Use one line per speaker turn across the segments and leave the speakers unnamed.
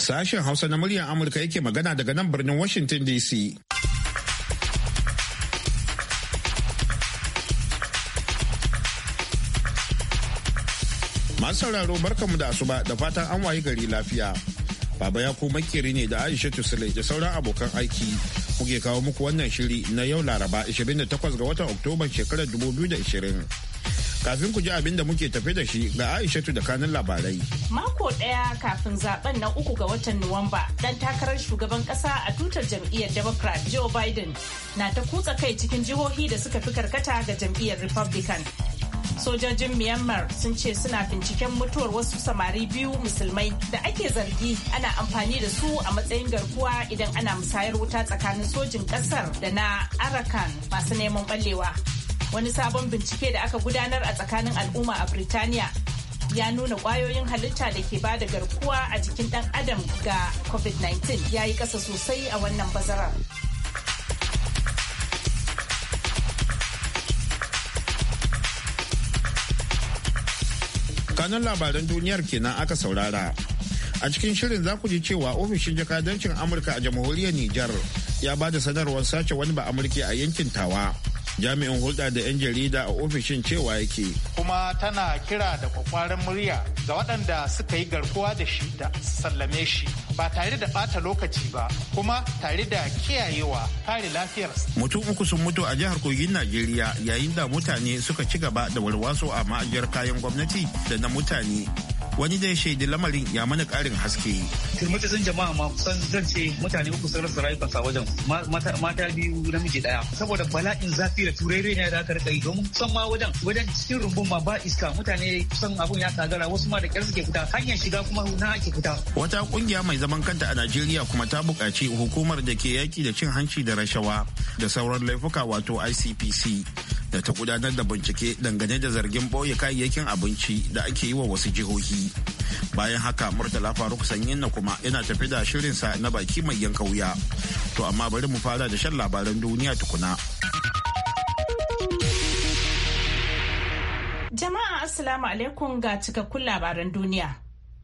Sashen Hausa na muryar Amurka yake magana daga nan birnin Washington DC. Masu sauraro barkanmu da asuba da fatan an wayi gari lafiya. Baba ya kuma makeri ne da Aisha Tusile da sauran abokan aiki kuke kawo muku wannan shiri na yau Laraba 28 ga watan Oktoba shekarar 2020. Kafin ku ji abin da muke tafe da shi ga Aishatu da kanin labarai.
Mako ɗaya kafin zaben na uku ga watan Nuwamba, dan takarar shugaban ƙasa a tutar jam'iyyar Democrat Joe Biden na ta kutsa kai cikin jihohi da suka fi karkata ga jam'iyyar Republican. sojojin myanmar sun ce suna binciken mutuwar wasu samari biyu musulmai da ake zargi ana amfani da su a matsayin garkuwa idan ana musayar wuta tsakanin sojin kasar da na arakan masu neman ballewa wani sabon bincike da aka gudanar a tsakanin al'umma a Birtaniya ya nuna kwayoyin halitta da ke bada garkuwa a jikin dan adam ga covid-19 ya yi kasa sosai a wannan bazarar.
kanun labaran duniyar kenan aka saurara a cikin shirin za ku ji cewa ofishin jakadancin amurka a jamhuriyar nijar ya ba da sanarwar sace wani ba amurki a yankin tawa jami'in hulɗa da 'yan jarida a ofishin cewa yake.
Kuma tana kira da kwakwaran murya ga waɗanda suka yi garkuwa da shi da sallame shi ba tare da ɓata lokaci ba kuma tare da kiyayewa kare lafiyar.
Mutum uku sun mutu a jihar Kogin Najeriya yayin da mutane suka ci gaba da warwaso a ma'ajiyar kayan gwamnati da na mutane wani da ya shaidi lamarin ya mana karin haske. sun jama'a ma kusan zan ce mutane uku sun rasa rayukansa wajen mata
biyu namiji daya saboda bala'in zafi da turere ne da aka rika domin kusan ma wajen wajen cikin rumbun ma ba iska mutane kusan abun ya tagara wasu ma da kyar suke fita hanyar shiga kuma na ake fita.
Wata kungiya mai zaman kanta a Najeriya kuma ta buƙaci hukumar da ke yaki da cin hanci da rashawa da sauran laifuka wato ICPC da ta gudanar da bincike dangane da zargin ɓoye kayayyakin abinci da ake yi wa wasu jihohi bayan haka murtala faruk sanyin na kuma yana tafi da shirinsa na baki mai yanka wuya to amma bari mu fara da shan labaran duniya tukuna
jama'a assalamu alaikum ga cikakkun labaran duniya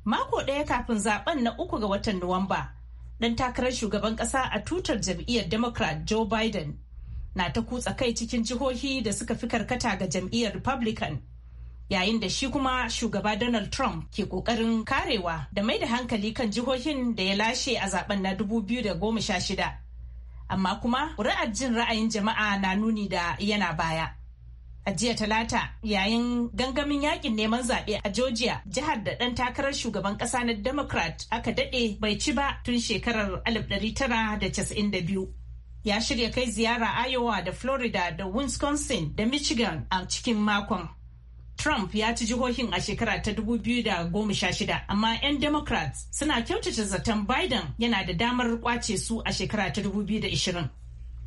mako ɗaya kafin zaben na uku ga watan nuwamba dan takarar shugaban ƙasa a tutar jam'iyyar democrat joe biden na ta kutsa kai cikin jihohi da suka fi karkata ga jam'iyyar republican yayin da shi kuma shugaba donald trump ke kokarin karewa da mai da hankali kan jihohin da ya lashe a zaben na 2016 amma kuma ƙuri'ar jin ra'ayin jama'a na nuni da yana baya a jiya talata yayin gangamin yakin neman zaɓe a georgia jihar da ɗan takarar shugaban ƙasa na democrat aka daɗe bai ci ba tun shekarar 1992 ya shirya kai ziyara Iowa da Florida da Wisconsin da Michigan a cikin makon. Trump ya ci jihohin a shekara ta 2016, amma 'yan Democrats suna kyautata zaton Biden yana da damar kwace su a shekara ta 2020.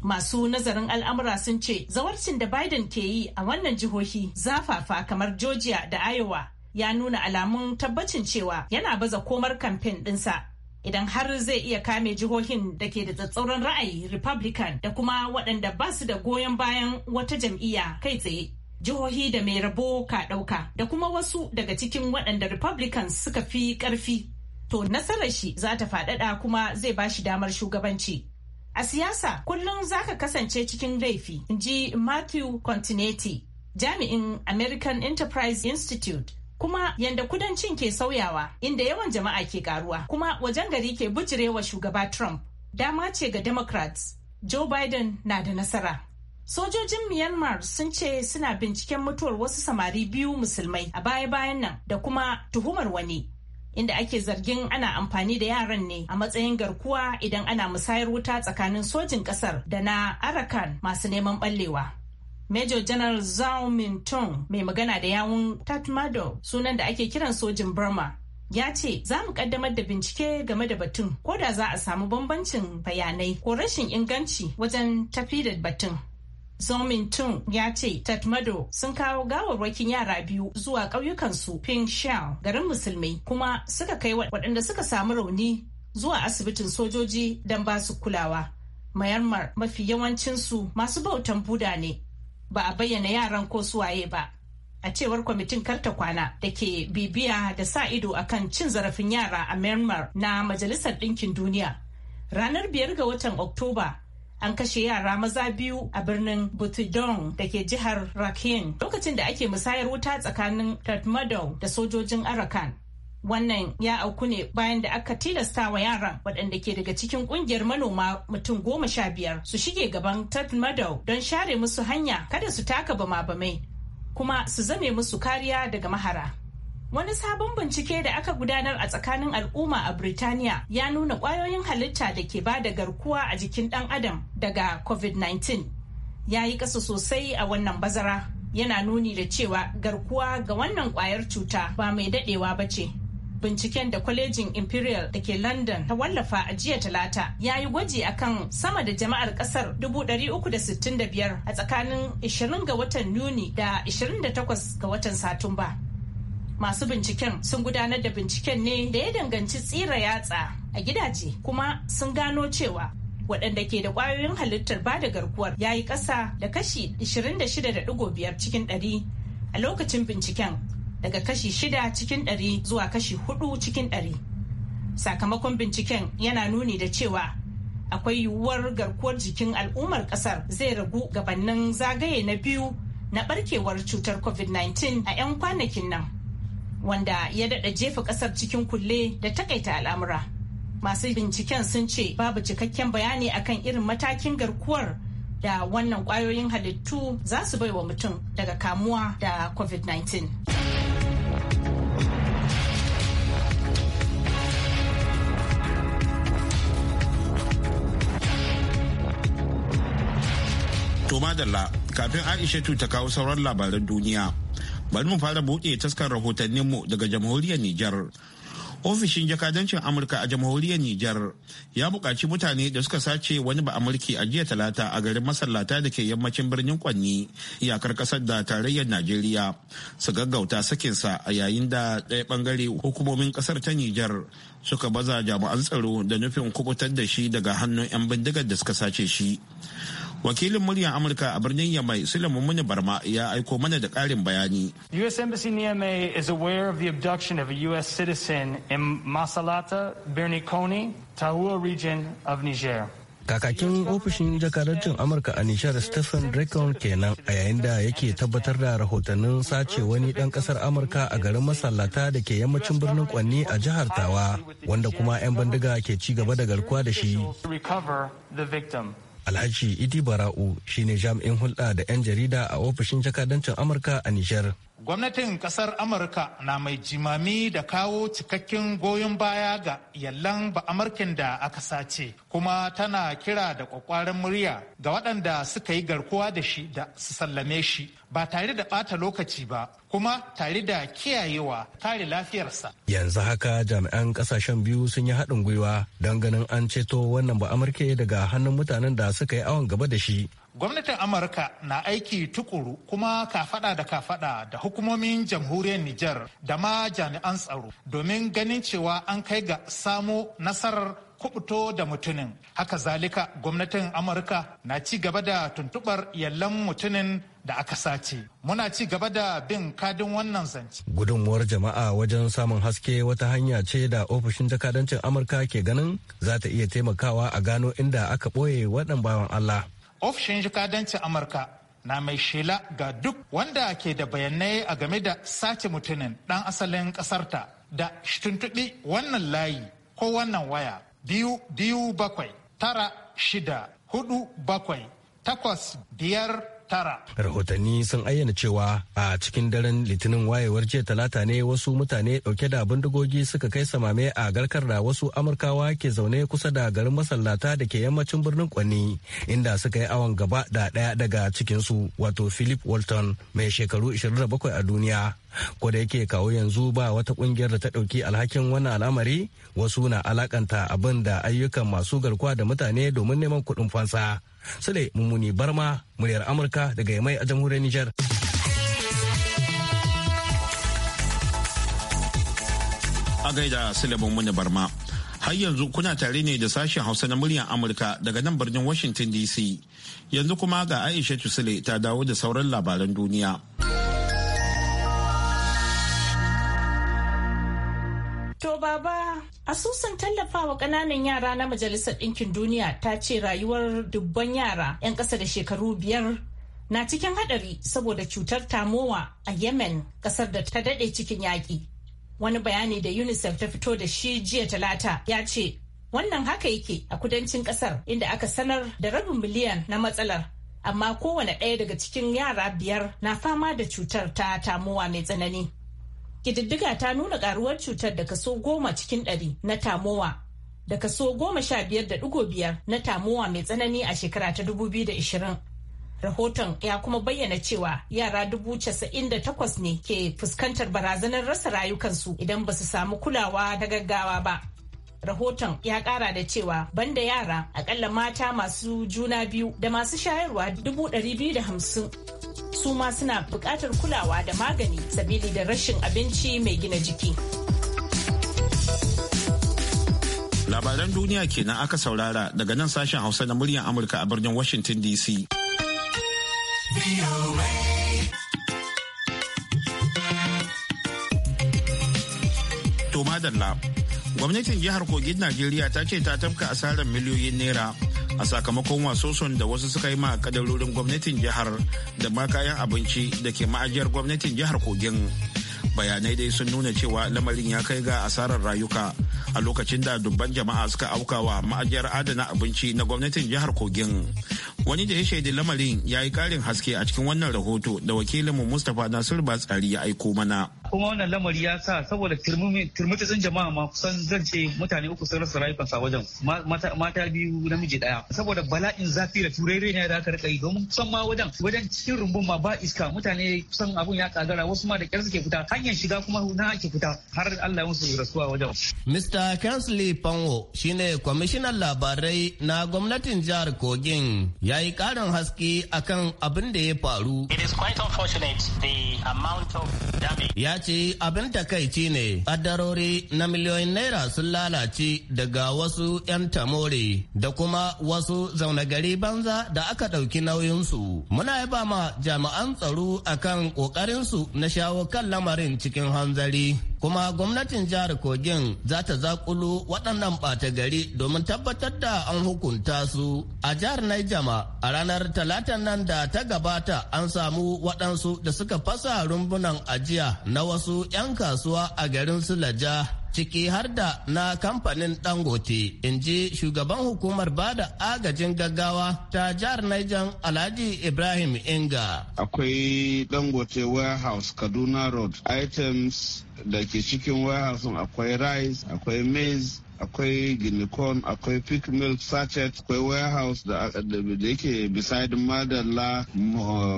Masu nazarin al'amura sun ce zawarcin da Biden ke yi a wannan jihohi zafafa kamar Georgia da Iowa ya nuna alamun tabbacin cewa yana baza komar kamfen ɗinsa idan har zai iya kame jihohin da ke da tsatsauran ra'ayi republican da kuma waɗanda ba su da goyon bayan wata jam'iyya kai tsaye jihohi da mai rabo ka ɗauka da kuma wasu daga cikin waɗanda republicans suka fi ƙarfi to nasarar shi za ta faɗaɗa kuma zai ba shi damar shugabanci a siyasa kullum za ka kasance cikin laifi in ji matthew continetti jami'in american enterprise institute kuma yanda kudancin ke sauyawa inda yawan jama'a ke karuwa kuma wajen gari ke bujirewa shugaba Trump dama ce ga Democrats Joe Biden na da nasara. Sojojin Myanmar sun ce suna binciken mutuwar wasu samari biyu musulmai a baya-bayan nan da kuma tuhumar wani. Inda ake zargin ana amfani da yaran ne a matsayin garkuwa idan ana musayar wuta tsakanin sojin kasar da na Arakan masu neman ɓallewa. Major General Zhao Mintong mai magana da yawun Tatmadaw sunan da ake kiran sojin Burma ya ce za mu kaddamar da bincike game da batun ko da za a samu bambancin bayanai ko rashin inganci wajen tafi da batun. Zomin Tun ya ce Tatmado sun kawo gawarwakin yara biyu zuwa ƙauyukansu Shao garin musulmai kuma suka kai waɗanda suka samu rauni zuwa asibitin sojoji don ba su kulawa. Mayarmar mafi yawancinsu masu bautan Buda ne ba a bayyana yaran ko suwaye ba a cewar kwamitin karta kwana da ke bibiya da sa ido a kan cin zarafin yara a myanmar na majalisar ɗinkin duniya ranar biyar ga watan oktoba an kashe yara maza biyu a birnin butidong da ke jihar rakhine lokacin da ake musayar wuta tsakanin tatmadaw da sojojin arakan wannan ya auku ne bayan da aka tilasta wa yaran waɗanda ke daga cikin ƙungiyar manoma mutum goma sha biyar su shige gaban ted madau don share musu hanya kada su taka bama-bamai kuma su zame musu kariya daga mahara Wani sabon bincike da aka gudanar a tsakanin al'umma a Birtaniya ya nuna ƙwayoyin halitta da ke ba da garkuwa a jikin ɗan adam daga COVID-19. Ya yi ƙasa sosai a wannan bazara, yana nuni da cewa garkuwa ga wannan ƙwayar cuta ba mai daɗewa ba ce. binciken da kwalejin imperial da ke london ta wallafa a jiya talata ya yi gwaji a kan sama da jama'ar kasar 365 a tsakanin 20 ga watan yuni da 28 ga watan satumba masu binciken sun gudanar da binciken ne da ya danganci tsira yatsa a gidaje kuma sun gano cewa waɗanda ke da ƙwayoyin halittar ba da garkuwar ya yi ƙasa da kashi 26.5 cikin ɗari a lokacin binciken daga kashi shida cikin ɗari zuwa kashi hudu cikin ɗari. Sakamakon binciken yana nuni da cewa akwai yiwuwar garkuwar jikin al'ummar ƙasar zai ragu gabanin zagaye na biyu na barkewar cutar COVID-19 a 'yan kwanakin nan, wanda ya daɗa jefa ƙasar cikin kulle da takaita al'amura. Masu binciken sun ce babu cikakken bayani akan irin matakin garkuwar da wannan kwayoyin halittu za su baiwa mutum daga kamuwa da covid-19.
To madalla kafin Aishatu ta kawo sauran labaran duniya. Bari mu fara buɗe taskar rahotanninmu daga jamhuriyar Nijar. ofishin jakadancin amurka a jamhuriyar nijar ya buƙaci mutane da suka sace wani ba amurki a jiya talata a garin masallata da ke yammacin birnin kwanni iyakar ƙasar da tarayyar najeriya su gaggauta sakinsa a yayin da ɗaya bangare hukumomin ƙasar ta nijar suka baza jami'an tsaro da nufin kubutar da shi daga hannun 'yan bindigar da suka sace shi wakilin muryar amurka a birnin yamai silin muni barma ya aiko mana da karin bayani
us embassy niamey is aware of the abduction of a us citizen in masalata koni tahua region of niger
kakakin ofishin jakadancin amurka a nishar stephen drakon kenan a yayin da yake tabbatar da rahotannin sace wani dan kasar amurka a garin masallata da ke yammacin birnin kwanni a jihar tawa wanda kuma 'yan bandiga ke ci gaba da garkuwa da shi Alhaji Idi Bara'u shine jami'in hulɗa da 'yan jarida a ofishin jakadancin Amurka a Nijar.
Gwamnatin kasar Amurka na mai jimami da kawo cikakken goyon baya ga yallan ba'amarkin da aka sace, kuma tana kira da kwakwaran murya ga waɗanda suka yi garkuwa da shi da su sallame shi ba tare da ɓata lokaci ba, kuma tare da kiyayewa kare lafiyarsa.
Yanzu haka jami'an ƙasashen biyu sun yi haɗin gwiwa don ganin an ceto wannan ba'amarke daga hannun mutanen da suka yi awon gaba da shi.
gwamnatin amurka na aiki tukuru kuma kafada da kafada da hukumomin jamhuriyar niger da ma jami'an tsaro domin ganin cewa an kai ga samo nasarar kubuto da mutumin haka zalika gwamnatin amurka na ci gaba da tuntubar yallan mutumin da aka sace muna ci gaba da bin kadin wannan zance
gudunmuwar jama'a wajen samun haske wata hanya ce da ofishin jakadancin amurka ke ganin za ta iya taimakawa a gano inda aka ɓoye waɗan bawan allah
ofishin jikadancin amurka na mai shela ga duk wanda ke da bayanai a game da sace mutumin dan asalin kasarta da shi wannan layi ko wannan waya biyu biyu bakwai tara shida hudu bakwai takwas biyar tara.
Rahotanni sun ayyana cewa a cikin daren litinin wayewar jiya talata ne wasu mutane dauke da bindigogi suka kai samame a garkar da wasu Amurkawa ke zaune kusa da garin masallata da ke yammacin birnin Kwanni inda suka yi awon gaba da daya daga cikinsu wato Philip Walton mai shekaru 27 a duniya. Ko da yake kawo yanzu ba wata kungiyar da ta ɗauki alhakin wannan al'amari wasu na alakanta abin da ayyukan masu garkuwa da mutane domin neman kuɗin fansa. Sule Mummuni Barma, muryar Amurka daga Yamai a jamhuriyar Nijar.
A gaida Sule Mummuni Barma. Har yanzu kuna tare ne da sashen Hausa na muryar Amurka daga nan birnin Washington DC. Yanzu kuma ga Aisha Sule ta dawo da sauran labaran duniya.
Asusun tallafawa ƙananan yara na Majalisar Ɗinkin Duniya ta ce rayuwar dubban yara 'yan ƙasa da shekaru biyar na cikin haɗari saboda cutar tamowa a Yemen ƙasar da ta daɗe cikin yaƙi. Wani bayani da UNICEF ta fito da shi jiya talata ya ce wannan haka yake a kudancin ƙasar inda aka sanar da rabin miliyan na matsalar amma kowane ɗaya daga cikin yara biyar na fama da cutar ta tamowa mai tsanani. kididdiga ta nuna karuwar cutar da kaso goma cikin ɗari na tamowa da kaso goma sha biyar da ɗigo biyar na tamowa mai tsanani a shekara ta dubu biyu da ashirin. Rahoton ya kuma bayyana cewa yara dubu casa'in da takwas ne ke fuskantar barazanar rasa rayukansu idan ba su samu kulawa na gaggawa ba. rahoton ya kara da cewa banda yara akalla mata masu juna biyu da masu shayarwa dubu ɗari biyu da hamsin su ma suna buƙatar kulawa da magani sabili da rashin abinci mai gina jiki.
Labaran duniya kenan aka saurara daga nan sashen Hausa na muryar Amurka a birnin Washington DC. To gwamnatin jihar Kogin Najeriya ta ce ta tafka asarar miliyoyin naira a sakamakon wasoson da wasu suka yi ma kadarorin gwamnatin jihar da ma kayan abinci da ke ma'ajiyar gwamnatin jihar kogin bayanai dai sun nuna cewa lamarin ya kai ga asarar rayuka a lokacin da dubban jama'a suka auka wa ma'ajiyar adana abinci na gwamnatin jihar kogin wani da ya shaidi lamarin ya yi karin haske a cikin wannan rahoto da wakilinmu mustapha nasiru batsari ya aiko mana
kuma wannan lamari ya sa saboda turmutsin jama'a ma kusan zan ce mutane uku sun rasa rayukansa wajen mata biyu namiji daya saboda bala'in zafi da turai ne da aka rika yi domin kusan ma wajen wajen cikin rumbun ma ba iska mutane kusan abun ya kagara wasu ma da kyar suke fita hanyar shiga kuma na ake fita har Allah ya musu rasuwa wajen.
Mr. Kansley Panwo shine kwamishinan labarai na gwamnatin jihar Kogin ya yi karin haske akan abin da ya faru.
It is quite unfortunate the amount of
damage. ce abin takaici ne adarori na miliyoyin naira sun lalace daga wasu 'yan tamore da kuma wasu zaune gari banza da aka ɗauki nauyinsu muna ba ma jami'an tsaro akan ƙoƙarinsu na shawo kan lamarin cikin hanzari kuma gwamnatin jihar kogin za ta zakulu waɗannan ɓata gari domin tabbatar da an hukunta su a jihar naijama a ranar talatan nan da ta gabata an samu waɗansu da suka fasa rumbunan ajiya na wasu 'yan kasuwa a garin Sulaja ciki har da na kamfanin dangote in ji shugaban hukumar bada agajin gaggawa ta jihar Niger alhaji ibrahim inga
akwai dangote warehouse kaduna road items da ke cikin warehouse akwai rice akwai maize akwai guinea akwai pig milk sachet akwai warehouse da yake beside madalla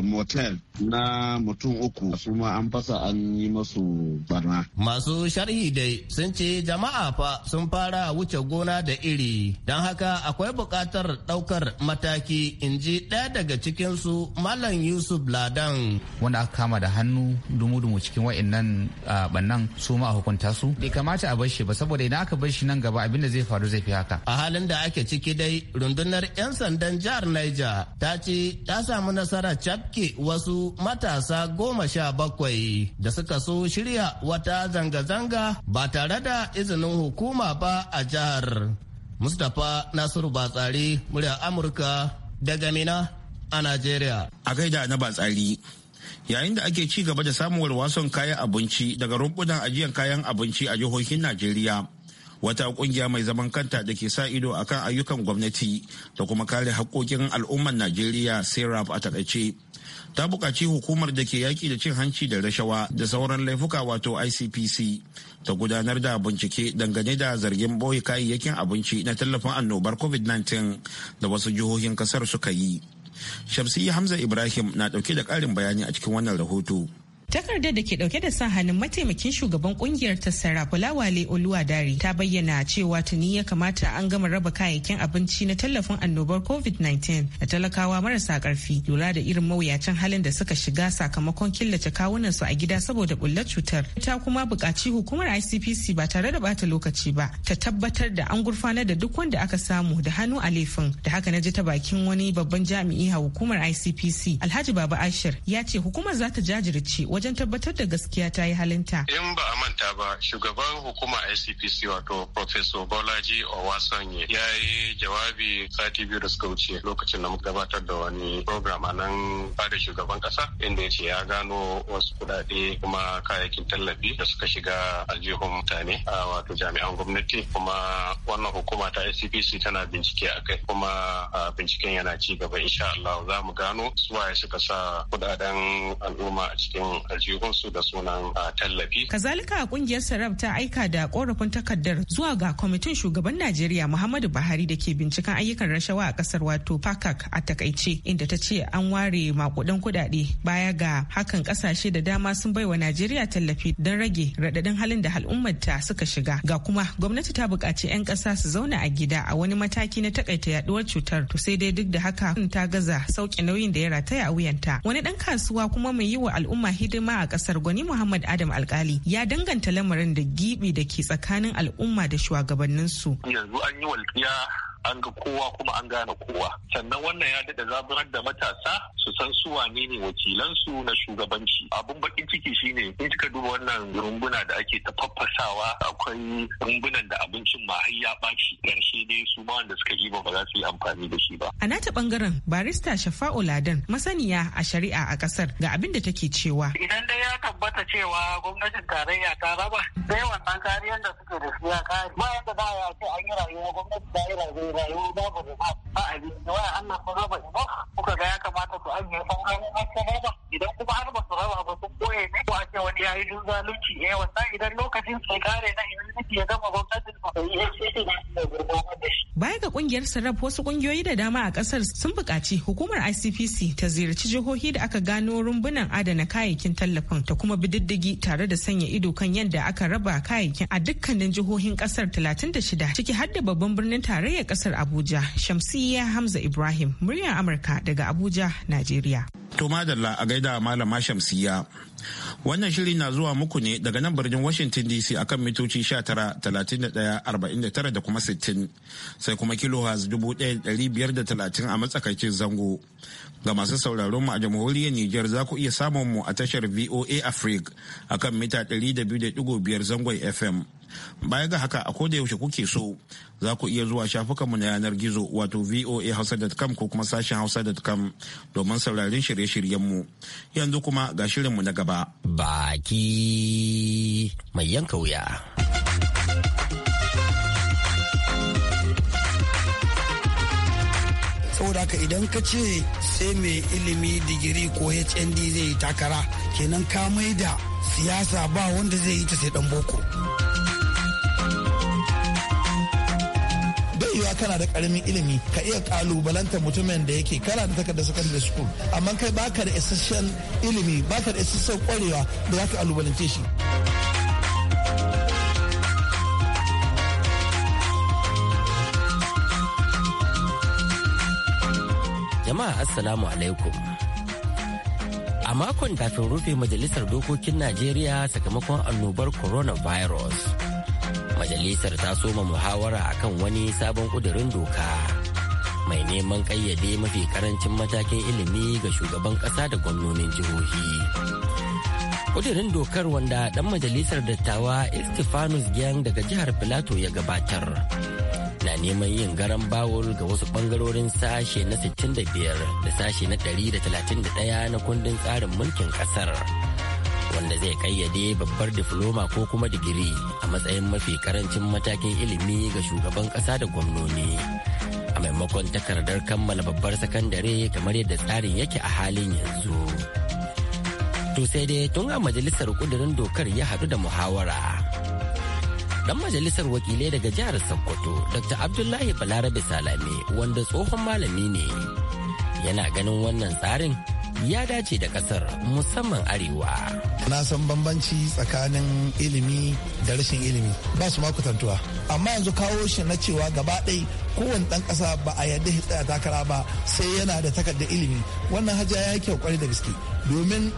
motel na mutum uku su ma an fasa an yi masu barna
masu sharhi dai sun kasance jama'a fa sun fara wuce gona da iri don haka akwai buƙatar ɗaukar mataki in ji ɗaya daga cikinsu malam yusuf ladan wanda aka kama da hannu dumu-dumu cikin wa'annan bannan su ma a hukunta su bai kamata a bar ba saboda idan aka bar shi nan gaba abin da zai faru zai fi haka a halin da ake ciki dai rundunar 'yan sandan jihar niger ta ce ta samu nasara cafke wasu matasa goma sha bakwai da suka so shirya wata zanga-zanga ba tare tare da izinin hukuma ba a jihar. Mustapha Nasiru Batsari murya Amurka daga Mina a Najeriya.
A gaida na Batsari. Yayin da ake ci gaba da samun Wasan kayan abinci daga rumfunan ajiyar kayan abinci a jihohin Najeriya. wata kungiya mai zaman kanta da ke sa ido a kan ayyukan gwamnati da kuma kare haƙƙoƙin al'ummar najeriya serap a takaice ta buƙaci hukumar da ke yaƙi da cin hanci da rashawa da sauran laifuka wato icpc ta gudanar da bincike dangane da zargin ɓoye kayayyakin abinci na tallafin annobar covid-19 da wasu jihohin ƙasar suka yi shamsi hamza ibrahim na ɗauke da ƙarin bayani a cikin wannan rahoto
Takardar da ke dauke da sa hannun mataimakin shugaban kungiyar ta Fulawale Oluwadari ta bayyana cewa tuni ya kamata an gama raba kayayyakin abinci na tallafin annobar COVID-19 da talakawa marasa karfi lura da irin mawuyacin halin da suka shiga sakamakon killace kawunan su a gida saboda bullar cutar. Ta kuma bukaci hukumar ICPC ba tare da bata lokaci ba ta tabbatar da an gurfanar da duk wanda aka samu da hannu a laifin da haka na ji ta bakin wani babban jami'i a hukumar ICPC Alhaji Baba Ashir ya ce hukumar za ta jajirce wajen tabbatar da gaskiya ta yi halinta.
In ba a manta ba shugaban hukuma ICPC wato Professor Bolaji Owasanye ya yi jawabi sati biyu da suka wuce lokacin da muka gabatar da wani program a nan bada shugaban kasa inda ya ce ya gano wasu kudade kuma kayayyakin tallafi da suka shiga aljihun mutane a wato jami'an gwamnati kuma wannan hukuma ta ICPC tana bincike a kai kuma binciken yana ci gaba insha Allah za mu gano suwaye suka sa kudaden al'umma a cikin aljihunsu da sunan
ah, tallafi. Kazalika kungiyar Sarab ta aika da korafin takardar zuwa ga kwamitin shugaban Najeriya Muhammadu Buhari da ke binciken ayyukan rashawa a kasar wato PAKAK a takaice inda ta ce an ware makudan kudade baya ga hakan kasashe da dama sun baiwa Najeriya tallafi don rage radadin halin da ta suka shiga ga kuma gwamnati ta buƙaci 'yan ƙasa su zauna a gida a wani mataki na takaita yaduwar cutar to sai dai duk da haka ta gaza sauke nauyin da ya rataya a wuyanta wani ɗan kasuwa kuma mai yi wa al'umma hidima girma a kasar gwani Muhammad Adam Alkali ya danganta lamarin da gibi da ke tsakanin al'umma da shugabanninsu.
Yanzu an yi walƙiya an ga kowa kuma an gane kowa sannan wannan ya daɗa zaburar
da matasa su san su wane ne wakilansu na shugabanci abun bakin ciki shine in kika duba wannan rumbuna da ake ta faffasawa akwai rumbunan da abincin ma har ya
ɓaci ƙarshe ne su ma wanda suka iba ba za su yi amfani da shi ba
a nata ɓangaren, barista shafa'u ladan masaniya a shari'a a ƙasar ga abin da take cewa
idan dai ya tabbata cewa gwamnatin tarayya ta raba sai wannan kariyar da suke da su ya kare ba yadda ba ya ce an yi rayuwa gwamnati ta yi rayuwa rayuwa babu ruba ba abinci waya Allah ko raba ba kuka ga ya kamata ku an yi sauran an raba idan kuma an ba su raba ba koye ne ko a ce wani yayi dun zalunci eh wannan idan lokacin sai kare na idan nake ya gama gwamnatin ba sai ya ce da gurbawa
Baya ga kungiyar Sarraf wasu kungiyoyi da dama a kasar sun bukaci hukumar ICPC ta ziyarci jihohi da aka gano rumbunan adana kayayyakin tallafin ta kuma bididdigi tare da sanya ido kan yadda aka raba kayayyakin a dukkanin jihohin kasar 36 ciki har da babban birnin tarayyar kasar Abuja. Shamsiyya Hamza Ibrahim, muryar Amurka daga Abuja, Najeriya.
To madalla a gaida malama Shamsiyya. Wannan shiri na zuwa muku ne daga nan birnin Washington DC akan mitoci 19,31,49 da kuma 60 sai kuma da 1,530 a matsakaicin zango. Ga masu sauraron mu a jamhuriyar niger za ku iya samun mu a tashar VOA Africa akan mita 200.5 zangon FM. Baya ga haka a koda yaushe kuke so za ku iya zuwa shafukanmu na yanar gizo wato voahausa.com ko kuma sashen hausa.com domin sauraron shirye-shiryenmu. Yanzu kuma ga shirinmu na gaba.
Baki mai yanka wuya.
saboda ka idan ka ce sai mai ilimi digiri ko hnd zai yi takara kenan ka mai da
siyasa ba wanda zai yi ta sai dan boko kana da karamin ilimi ka iya kalubalanta mutumin da yake kana da takardar secondary school amma kai baka da isasshen ilimi baka da isasshen kwarewa da za ka kalubalance
shi. jama'a assalamu alaikum a makon kafin rufe majalisar dokokin najeriya sakamakon annobar coronavirus majalisar ta soma muhawara a kan wani sabon kudirin doka mai neman kayyade mafi karancin matakin ilimi ga shugaban kasa da gwamnonin jihohi kudirin dokar wanda dan majalisar dattawa istifanus gyan daga jihar filato ya gabatar na neman yin garan bawul ga wasu bangarorin sashe na 65 da sashe na 131 na kundin tsarin mulkin kasar. wanda zai kayyade babbar difloma ko kuma digiri a matsayin mafi karancin matakin ilimi ga shugaban kasa da gwamnoni a maimakon takardar kammala babbar sakandare kamar yadda tsarin yake a halin yanzu to sai dai tun a majalisar kudirin dokar ya haɗu da muhawara dan majalisar wakilai daga jihar sokoto dr abdullahi balarabe salame wanda tsohon malami ne yana ganin wannan tsarin ya dace da kasar musamman arewa.
Na san bambanci tsakanin ilimi da rashin ilimi ba su makutantuwa. Amma yanzu kawo shi na cewa gaba ɗai kowane ɗan ƙasa ba a yarda ya tsaya takara ba sai yana da takardar ilimi. Wannan hajiya ya kyau kwarai da gaske domin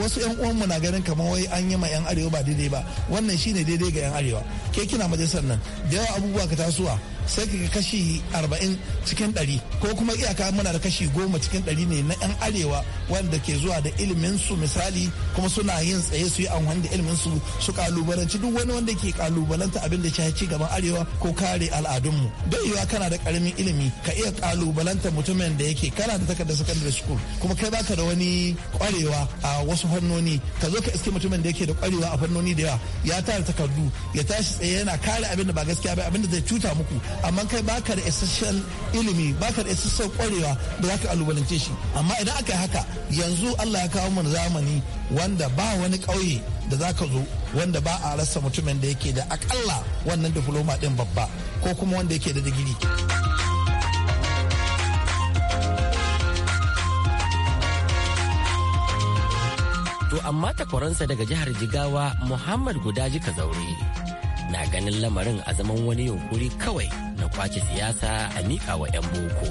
wasu 'yan uwanmu na ganin kamar wai an yi ma 'yan arewa ba daidai ba wannan shi ne daidai ga 'yan arewa ke kina majalisar nan da yawa abubuwa ka tasowa sai ka kashi arba'in cikin 100 ko kuma iyaka muna da kashi goma cikin 100 ne na 'yan arewa wanda ke zuwa da ilimin su misali kuma suna yin tsaye su yi amfani da ilimin su su kalubalanci duk wani wanda ke kalubalanta abin da ya ci gaban arewa ko kare al'adunmu don yiwa kana da karamin ilimi ka iya kalubalanta mutumin da yake kana da takardar secondary school kuma kai baka da wani kwarewa a wasu fannoni ka zo ka iske mutumin da yake da kwarewa a fannoni da yawa ya tara takardu ya tashi tsaye yana kare abin da ba gaskiya ba abin da zai cuta muku amma kai baka da isasshen ilimi baka da isasshen kwarewa da zaka alubalance shi amma idan aka yi haka yanzu Allah ya kawo mana zamani wanda ba wani ƙauye da zaka zo wanda ba a rasa mutumin da yake da akalla wannan diploma din babba ko
kuma wanda yake da digiri To amma takwaransa daga jihar Jigawa Muhammad guda jika zaure. na ganin lamarin a zaman wani yunkuri kawai na kwace siyasa a miƙa wa 'yan boko.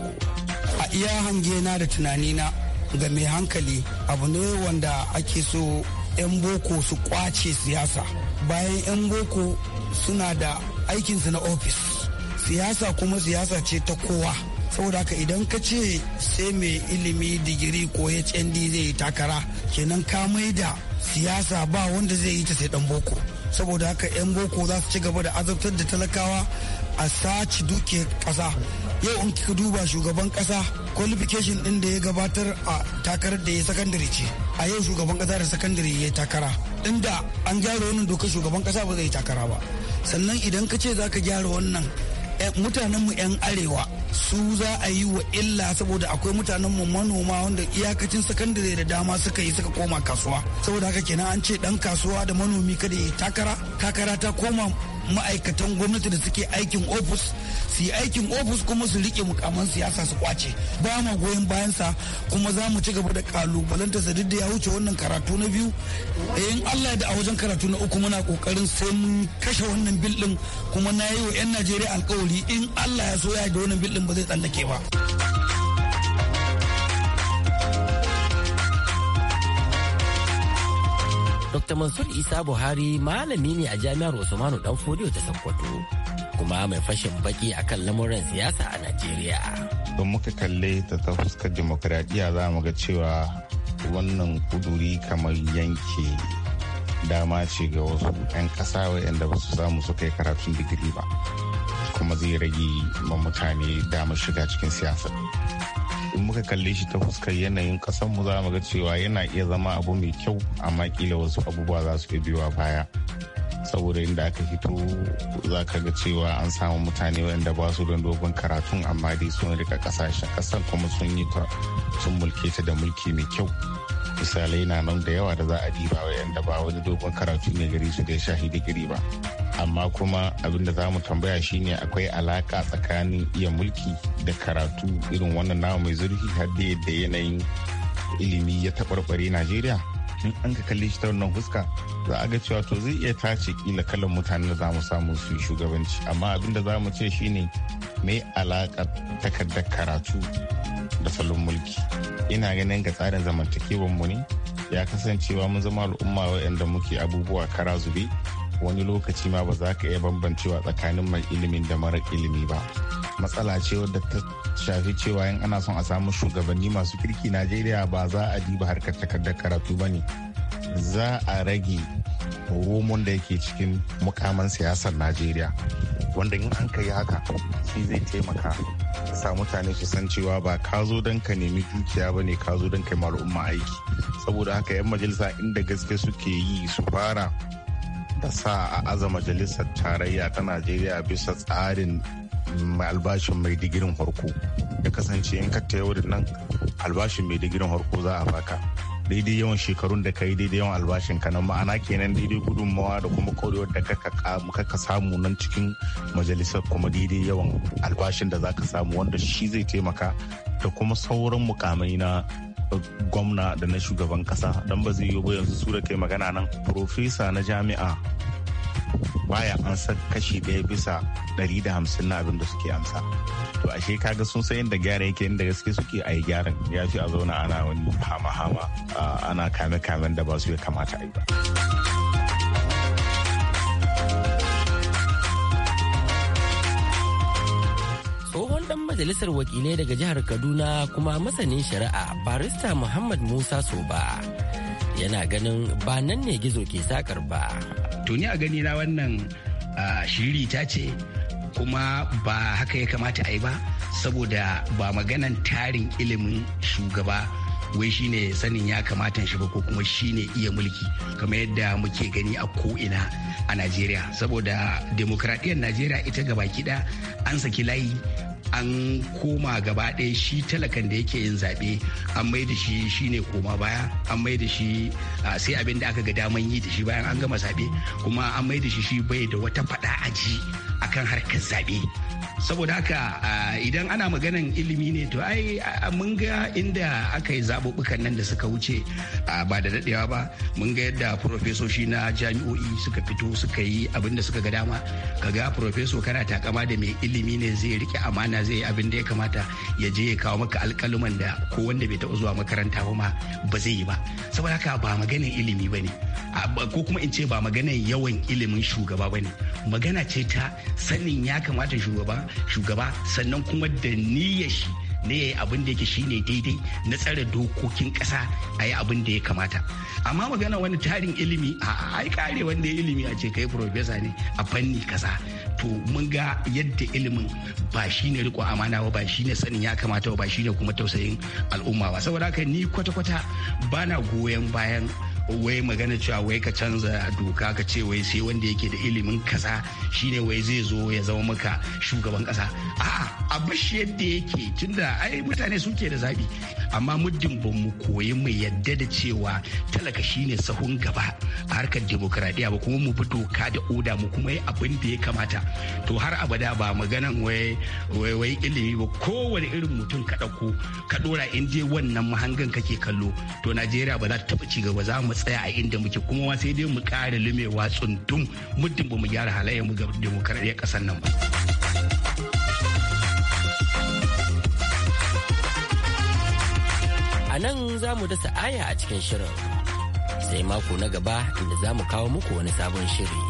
A iya hange na da tunanina ga mai hankali abu ne wanda ake so 'yan boko su kwace siyasa bayan 'yan boko suna da aikinsu na ofis siyasa kuma siyasa ce ta kowa saboda haka idan ka ce sai mai ilimi digiri ko hnd zai yi takara kenan ka mai da siyasa ba wanda zai yi ta sai dan boko saboda haka 'yan boko za su ci gaba da azabtar da talakawa a sace duke kasa yau in kika duba shugaban kasa qualification din da ya gabatar a takarar da ya sakandare ce a yau shugaban kasa da sakandare ya takara inda an gyara wannan dokar shugaban ƙasa ba zai takara ba sannan idan ka ce za ka gyara wannan Eh, mutanenmu 'yan arewa su za a yi wa illa saboda akwai mutanenmu manoma wanda iyakacin sakandare da dama suka yi suka koma kasuwa saboda haka kenan an ce ɗan kasuwa da manomi kada ya takara takara ta koma ma'aikatan gwamnati da suke aikin ofis su yi aikin ofis kuma su rike mukaman siyasa su kwace ba mu goyon bayansa kuma za mu ci gaba da kalubalanta sa duk da ya wuce wannan karatu na biyu eh, in Allah da a wajen karatu na uku muna kokarin sai mun kashe wannan bil din kuma na yi wa 'yan Najeriya alkawari in Allah ya so ya da wannan bil din ba zai tsallake ba.
Dr. Mansur Isa Buhari malami ne a jami'ar Usmanu Danfodiyo ta Sokoto kuma mai fashin baki akan lamuran siyasa a Najeriya.
Don muka kalle ta ta fuskar demokradiyya za mu ga cewa wannan kuduri kamar yanke dama ce ga wasu 'yan ƙasa wa'anda ba su samu su kai karatun digiri ba kuma zai rage ma mutane damar shiga cikin siyasa. in muka kalle shi ta fuskar yanayin kasan mu za mu ga cewa yana iya zama abu mai kyau amma kila wasu abubuwa za su biyuwa baya saboda inda aka fito za ka ga cewa an samu mutane wanda ba su da dogon karatun amma dai sun rika kasashen kasar kuma sun yi ta sun mulke ta da mulki mai kyau misalai na nan da yawa da za a diba wa yanda ba wani dogon karatu ne gari su da ya shahi digiri ba amma kuma abin da za mu tambaya shine akwai alaka tsakanin iya mulki da karatu irin wannan nawa mai zurfi har da yadda yanayin ilimi ya taɓarɓare najeriya in an ka kalli shi ta wannan fuska za a ga cewa to zai iya tace kila kalan mutane da za mu samu su yi shugabanci amma abin da za mu ce shine mai alaƙar takardar karatu da salon mulki ina ganin ga tsarin zamantakewar mu ne ya kasancewa mun zama al'umma waɗanda muke abubuwa kara zube wani lokaci ma ba za ka iya bambancewa tsakanin mai ilimin da mara ilimi ba matsala ce wadda ta shafi cewa yin ana son a samu shugabanni masu kirki najeriya ba za a diba harkar takardar karatu ba ne za a rage romon da yake cikin mukaman siyasar najeriya wanda in an kai haka shi zai taimaka sa mutane su san cewa ba ka zo don ka nemi dukiya ba ne ka zo don kai al'umma aiki saboda haka 'yan majalisa inda gaske suke yi su fara aka sa a aza majalisar tarayya ta najeriya bisa tsarin albashin mai digirin harko ya kasance in ka taya nan albashin mai digirin harko za a baka daidai yawan shekarun da ka yi daidai yawan albashin ka nan ma'ana kenan daidai gudunmawa da kuma korewar da ka samu nan cikin majalisar kuma daidai yawan albashin da za ka samu wanda shi zai taimaka da kuma sauran mukamai na gwamna da na shugaban kasa don ba zai yi ba yanzu su da kai magana nan profesa na jami'a baya san kashi ɗaya bisa ɗari da hamsin na abin da suke amsa to ashe kaga sun san inda gyara yake inda gaske suke a yi gyaran ya fi a zauna ana wani hama-hama ana kame-kamen da ba su ya kamata a yi ba.
dan majalisar wakilai daga jihar Kaduna kuma masanin shari'a barista Muhammad Musa Soba. Yana ganin ba nan ne gizo ke sakar ba. Tuni a gani na wannan shiri ta ce kuma
ba haka ya kamata a yi ba saboda ba maganan tarin ilimin shugaba wai shine sanin ya kamata shi ba ko kuma shine iya mulki kamar yadda muke gani a ko'ina a najeriya saboda demokradiyyar najeriya ita gaba kiɗa an saki layi an koma gaba ɗaya shi talakan da yake yin zaɓe an mai da shi shine koma baya an mai da shi sai abin da aka ga daman yi da shi bayan an gama zaɓe kuma an mai da shi shi bai da wata faɗa a ji akan harkar zaɓe saboda haka idan ana maganan ilimi ne to ai mun ga inda aka yi zaɓuɓɓukan nan da suka wuce ba da daɗewa ba mun ga yadda profesoshi na jami'o'i suka fito suka yi abin da suka ga dama ka ga profeso kana takama da mai ilimi ne zai rike amana zai yi abin da ya kamata ya je ya kawo maka alƙaluman da ko wanda bai taɓa zuwa makaranta ba ma ba zai yi ba saboda haka ba maganin ilimi ba ne ko kuma in ce ba maganan yawan ilimin shugaba ba ne magana ce ta sanin ya kamata shugaba shugaba sannan kuma da niyyar shi ne ya yi abin da yake shine daidai na tsare dokokin kasa a yi abin da ya kamata amma magana wani tarin ilimi a ai kare wanda ya ilimi a ce kai profesa ne a fanni kasa to mun ga yadda ilimin ba shine riko amana ba shi shine sanin ya kamata ba shine kuma tausayin al'umma ba saboda haka ni kwata-kwata bana goyon bayan wai magana cewa wai ka canza doka ka ce wai sai wanda yake da ilimin kasa shine wai zai zo ya zama maka shugaban kasa a'a a bashi yadda yake tunda ai mutane suke da zabi amma muddin ba mu koyi mu yadda da cewa talaka shine sahun gaba a harkar demokradiya ba kuma mu bi doka da oda mu kuma yi abin da ya kamata to har abada ba maganan wai wai ilimi ba kowane irin mutum ka ɗauko ka ɗora in je wannan mahangan kake kallo to najeriya ba za ta taɓa ci gaba za mu mu tsaya a inda muke kuma ma sai dai mu ƙara lumewa tsundum muddin ba mu gyara halayyar mu ga demokaradiyyar ƙasar nan ba.
A nan za mu dasa aya a cikin shirin sai mako na gaba inda za mu kawo muku wani sabon shiri.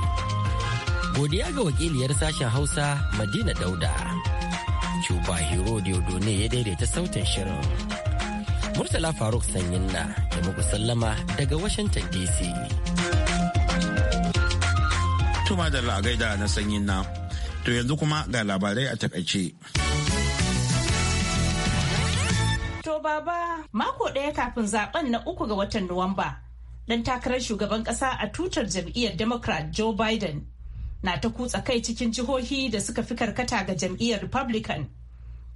Godiya ga wakiliyar sashen Hausa Madina Dauda. Cuba Hero Diodone ya daidaita sautin shirin. Murtala Faruk Sanyin na da muku sallama daga Washington DC.
Tuma da gaida na Sanyin na. To yanzu kuma ga labarai a takaice.
To baba mako ɗaya kafin zaben na uku ga watan Nuwamba. ɗan takarar shugaban ƙasa a tutar jam'iyyar Democrat Joe Biden na ta kutsa kai cikin jihohi da suka fi karkata ga jam'iyyar Republican.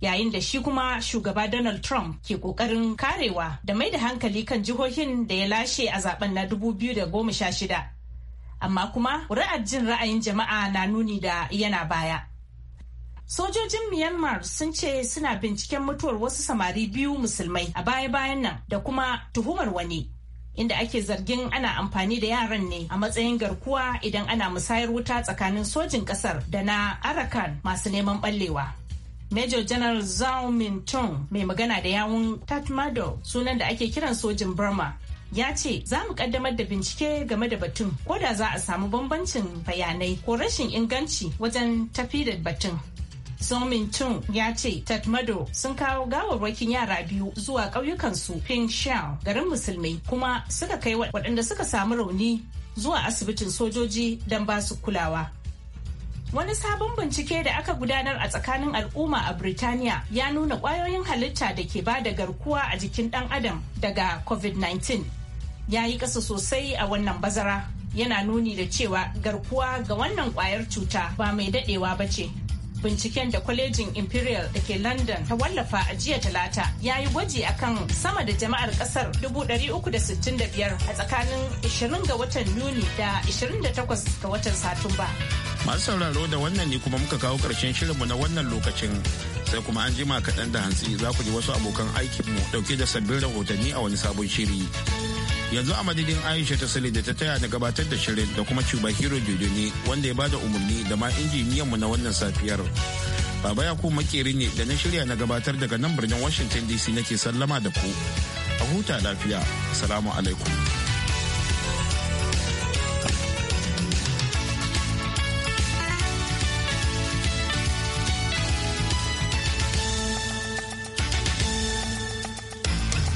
yayin da shi kuma shugaba Donald Trump ke kokarin karewa da mai da hankali kan jihohin da ya lashe a zaben na 2016. Amma kuma ra'ar jin ra'ayin jama'a na nuni da yana baya. Sojojin Myanmar sun ce suna binciken mutuwar wasu samari biyu musulmai a baya-bayan nan da kuma tuhumar wani. Inda ake zargin ana amfani da yaran ne a matsayin garkuwa idan ana musayar wuta tsakanin sojin kasar da na arakan masu neman ɓallewa. Major General Zhao Min Tong mai magana da yawun Tatmado sunan da ake kiran sojin Burma ya ce za mu kaddamar da bincike game da batun ko da za a samu bambancin bayanai ko rashin inganci wajen tafi da batun. Somin ya ce Tatmado sun kawo gawarwakin yara biyu zuwa ƙauyukansu Pingshan garin musulmai kuma suka kai waɗanda suka samu rauni zuwa asibitin sojoji don ba su kulawa. Wani sabon bincike da aka gudanar a tsakanin al'umma a Birtaniya ya nuna ƙwayoyin halitta da ke bada garkuwa a jikin ɗan adam daga COVID-19. Ya yi ƙasa sosai a wannan bazara yana nuni da cewa garkuwa ga wannan kwayar cuta ba mai daɗewa ba ce. Binciken da kwalejin Imperial da ke London ta wallafa a jiya talata ya yi gwaji akan sama da jama'ar kasar 365 a tsakanin 20 ga watan Yuni da 28 ga watan Satumba.
Masu sauraro da wannan ne kuma muka kawo ƙarshen shirinmu na wannan lokacin. Sai kuma an jima kaɗan da hantsi za ku ji wasu abokan aikinmu ɗauke da sabbin rahotanni a wani sabon shiri. yanzu a madadin aisha ta sale da ta taya na gabatar da shirin da kuma cuba hero ne wanda ya ba da umarni da ma injiniyanmu na wannan safiyar baba ya ku makeri ne da na shirya na gabatar daga nan birnin washington dc nake sallama da ku a huta lafiya salamu alaikum